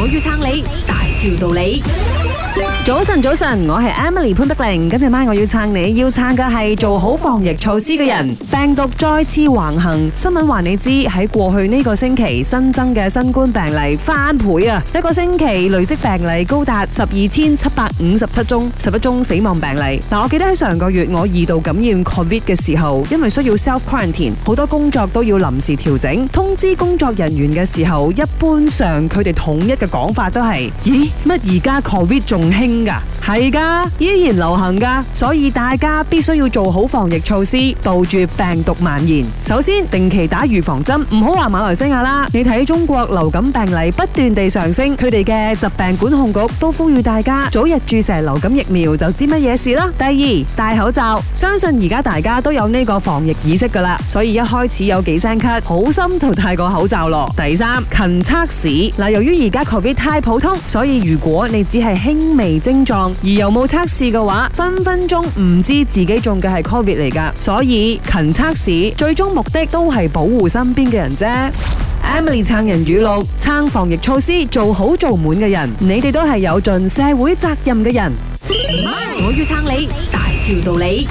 我要撐你。條道理，早晨早晨，我係 Emily 潘德玲。今日晚我要撐你，要撐嘅係做好防疫措施嘅人。病毒再次橫行，新聞話你知喺過去呢個星期新增嘅新冠病例翻倍啊！一個星期累積病例高達十二千七百五十七宗，十一宗死亡病例。但我記得喺上個月我二度感染 COVID 嘅時候，因為需要 self quarantine，好多工作都要臨時調整。通知工作人員嘅時候，一般上佢哋統一嘅講法都係，咦？乜而家 Covid 仲興噶，係噶，依然流行噶，所以大家必須要做好防疫措施，杜絕病毒蔓延。首先，定期打預防針，唔好話馬來西亞啦，你睇，中國流感病例不斷地上升，佢哋嘅疾病管控局都呼籲大家早日注射流感疫苗，就知乜嘢事啦。第二，戴口罩，相信而家大家都有呢個防疫意識噶啦，所以一開始有幾聲咳，好心就戴個口罩咯。第三，勤測試嗱，由於而家 Covid 太普通，所以如果你只係輕微症狀，而又冇測試嘅話，分分鐘唔知自己中嘅係 Covid 嚟噶。所以勤測試，最終目的都係保護身邊嘅人啫。 Emily 撐人語錄，撐防疫措施做好做滿嘅人，你哋都係有盡社會責任嘅人。我要撐你，大條道理。